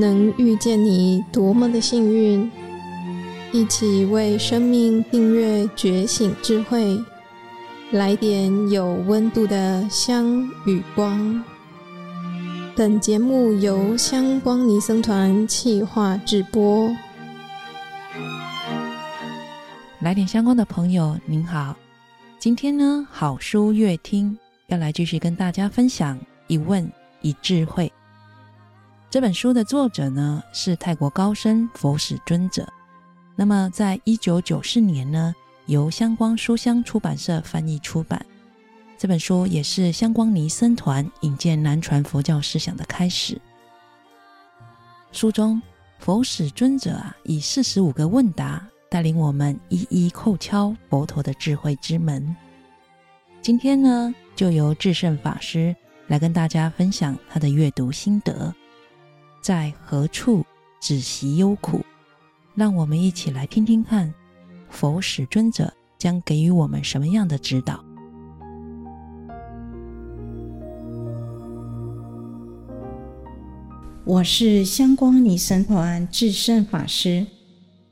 能遇見你，多麼的幸運！一起為生命訂閱覺覺醒智慧，來點有溫度的香與光。本節目由香光尼僧團企劃制播。來點香光的朋友，您好！今天呢，好書悅聽要來繼續跟大家分享，一問一智慧。這本書的作者呢，是泰國高僧佛使尊者。那麼，在一九九四年呢，由香光書香出版社翻譯出版。這本書也是香光尼僧團引薦南傳佛教思想的開始。書中，佛使尊者啊，以四十五個問答帶領我們一一叩敲佛陀的智慧之門。今天呢，就由自晟法師來跟大家分享他的閱讀心得。在何處止息憂苦？讓我們一起來聽聽看，佛使尊者將給予我們什麼樣的指導？我是香光尼僧團自晟法師，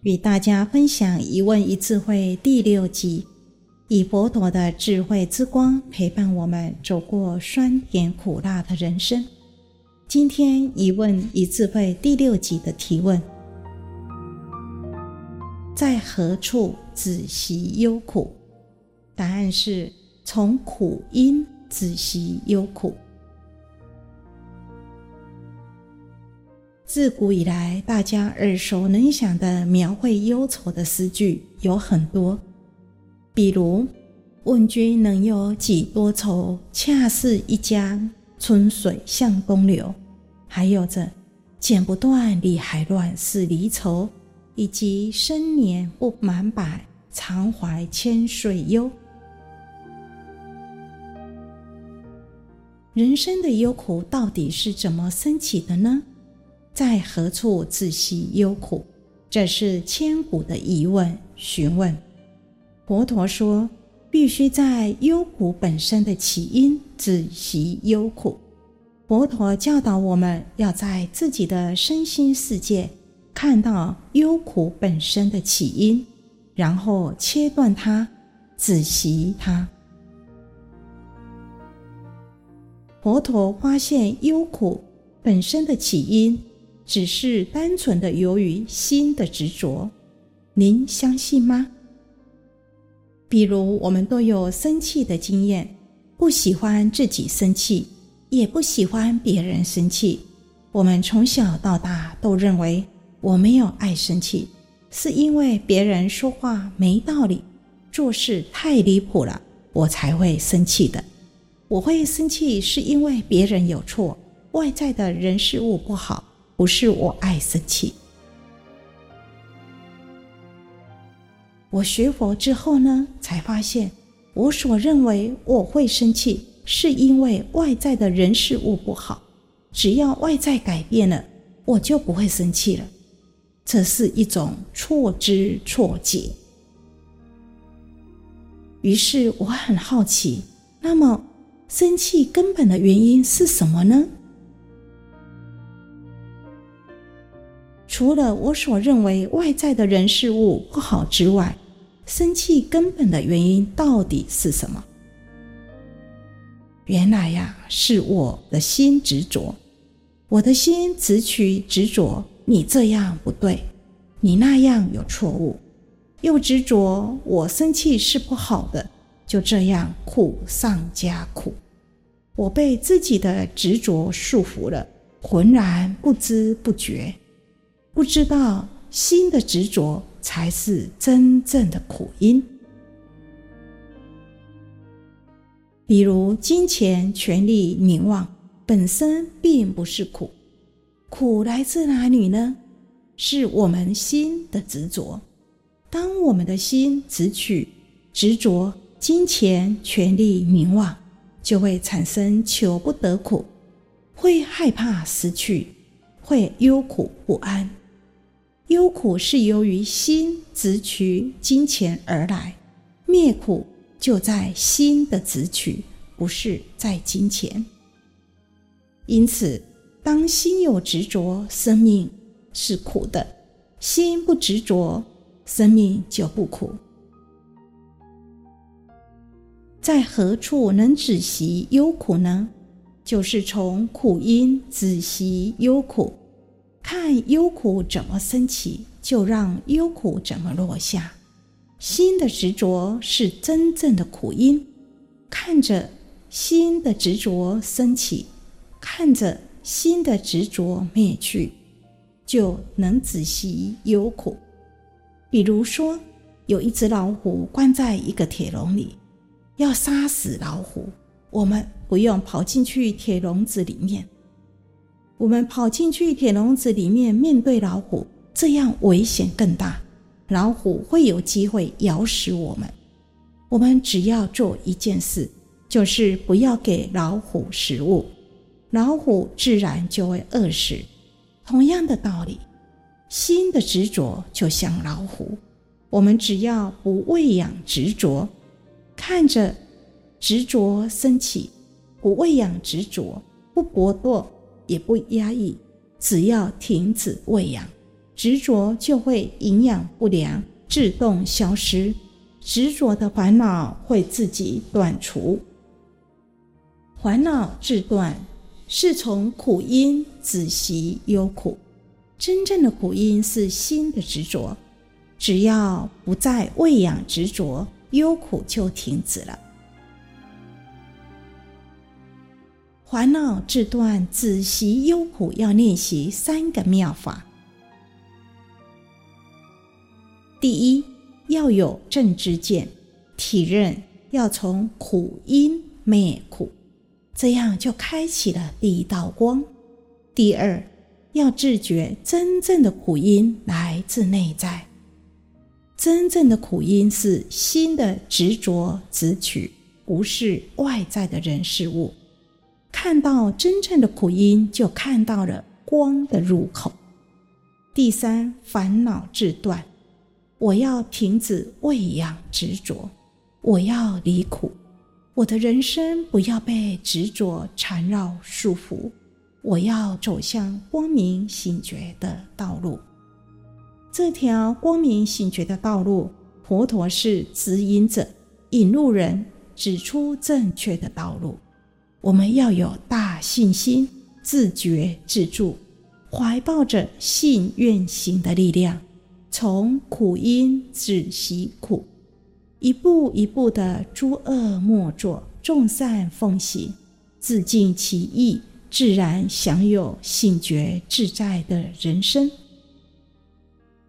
與大家分享《一問一智慧》第六集，以佛陀的智慧之光陪伴我們走過酸甜苦辣的人生。今天一問一智慧第六集的提問，在何處止息憂苦？答案是從苦因止息憂苦。自古以來，大家耳熟能詳的描繪憂愁的詩句有很多，比如“問君能有幾多愁？恰似一江春水向東流。”還有着剪不斷，理還亂，是離愁；以及生年不滿百，常懷千歲憂。人生的憂苦到底是怎麼生起的呢？在何處止息憂苦？這是千古的疑問、詢問。佛陀說，必須在憂苦本身的起因止息憂苦。佛陀教導我們要在自己的身心世界看到憂苦本身的起因，然後切斷它，止息它。佛陀發現憂苦本身的起因只是單純的由於心的執着，您相信嗎？比如我們都有生氣的經驗，不喜歡自己生氣。也不喜歡別人生氣。我們從小到大都認為，我沒有愛生氣，是因為別人說話沒道理，做事太離譜了，我才會生氣的。我會生氣是因為別人有錯，外在的人事物不好，不是我愛生氣。我學佛之後呢，才發現我所認為我會生氣。是因為外在的人事物不好，只要外在改變了，我就不會生氣了。這是一種錯知錯解。於是我很好奇，那麼生氣根本的原因是什麼呢？除了我所認為外在的人事物不好之外，生氣根本的原因到底是什麼？原來呀，是我的心執着，我的心執取執着，你這樣不對，你那樣有錯誤，又執着，我生氣是不好的，就這樣苦上加苦，我被自己的執着束縛了，渾然不知不覺，不知道心的執着才是真正的苦因。比如金錢、權力、名望、權力、名望本身並不是苦，苦來自哪裡呢？是我們心的執着當我們的心執取、執着金錢、權力、名望，就會產生求不得苦，會害怕失去，會憂苦不安。憂苦是由於心執取金錢而來，滅苦，就在心的執取，不是在金錢。因此，當心有執着，生命是苦的；心不執着，生命就不苦。在何處能止息憂苦呢？就是從苦因止息憂苦，看憂苦怎麼生起，就讓憂苦怎麼落下。心的執着是真正的苦因，看着心的執着升起，看着心的執着滅去，就能止息苦。比如說，有一隻老虎關在一個鐵籠裡，要殺死老虎，我們不用跑進去鐵籠子裡面，我們跑進去鐵籠子裡面面對老虎，這樣危險更大。老虎會有機會咬死我們，我們只要做一件事，就是不要給老虎食物，老虎自然就會餓死。同樣的道理，心的執着就像老虎，我們只要不餵養執着，看着執着升起，不餵養執着，不剝奪，也不壓抑，只要停止餵養。執着就會營養不良，自動消失；執着的煩惱會自己斷除。煩惱自斷，是從苦因止息憂苦。真正的苦因是心的執着，只要不再餵養執着，憂苦就停止了。煩惱自斷，止息憂苦要練習三個妙法。第一要有正知見，體認要從苦因滅苦，這樣就開啟了第一道光。第二要自覺真正的苦因來自內在，真正的苦因是心的執着執取，不是外在的人事物。看到真正的苦因，就看到了光的入口。第三煩惱自斷。我要停止餵養執着，我要離苦，我的人生不要被執着纏繞束縛，我要走向光明醒覺的道路。這條光明醒覺的道路，佛陀是指引者、引路人，指出正確的道路。我們要有大信心，自覺自助，懷抱着信願行的力量。從苦因止息苦，一步一步的諸惡莫作，眾善奉行，自淨其意，自然享有性覺自在的人生。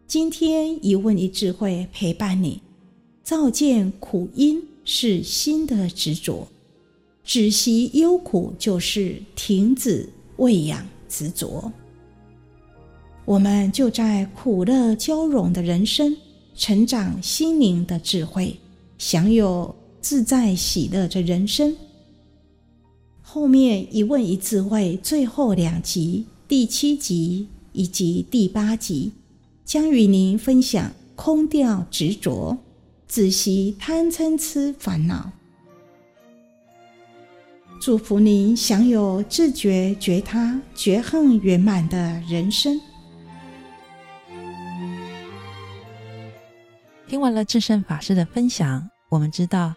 今天一問一智慧陪伴你，照見苦因是心的執着止息憂苦就是停止餵養執着我們就在苦樂交融的人生，成長心靈的智慧，享有自在喜樂的人生。後面一問一智慧，最後兩集，第七集，以及第八集，將與您分享空掉執着，止息貪嗔癡煩惱。祝福您享有自覺覺他，覺行圓滿的人生。聽完了自晟法師的分享，我們知道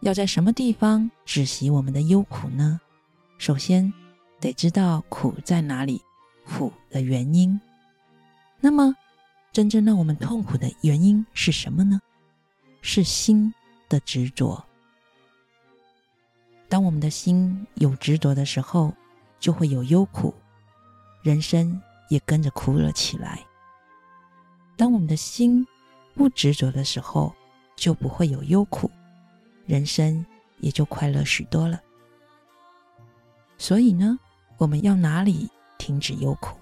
要在什麼地方止息我們的憂苦呢？首先得知道苦在哪裡，苦的原因。那麼，真正讓我們痛苦的原因是什麼呢？是心的執着。當我們的心有執着的時候，就會有憂苦，人生也跟着苦了起來。當我們的心，不執着的時候，就不會有憂苦，人生也就快樂許多了。所以呢，我們要哪裡停止憂苦？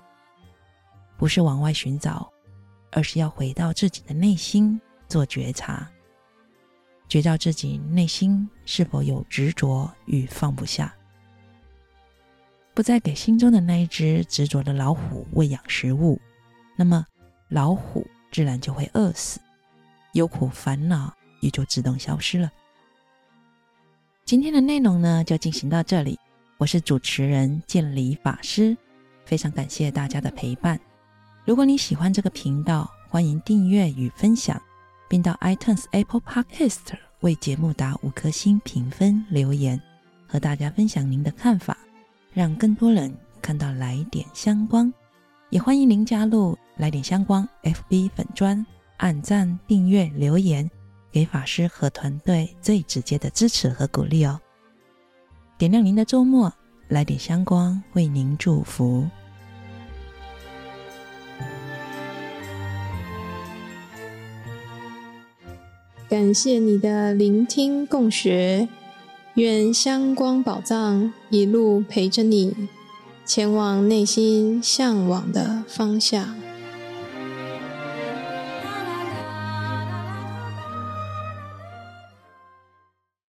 不是往外尋找，而是要回到自己的內心做覺察，覺到自己內心是否有執着與放不下，不再給心中的那一隻執着的老虎餵養食物，那麼老虎。自然就會餓死，憂苦煩惱也就自動消失了。今天的內容呢，就進行到這裡。我是主持人建理法師，非常感謝大家的陪伴。如果你喜歡這個頻道，歡迎訂閱與分享，並到 iTunes、Apple Podcast 為節目打五顆星評分，留言和大家分享您的看法，讓更多人看到來點香光。也歡迎您加入，來點香光 FB 粉專，按讚、訂閱、留言，給法師和團隊最直接的支持和鼓勵哦！點亮您的週末，來點香光為您祝福。感謝你的聆聽共學，願香光寶藏一路陪着你。前往內心向往的方向。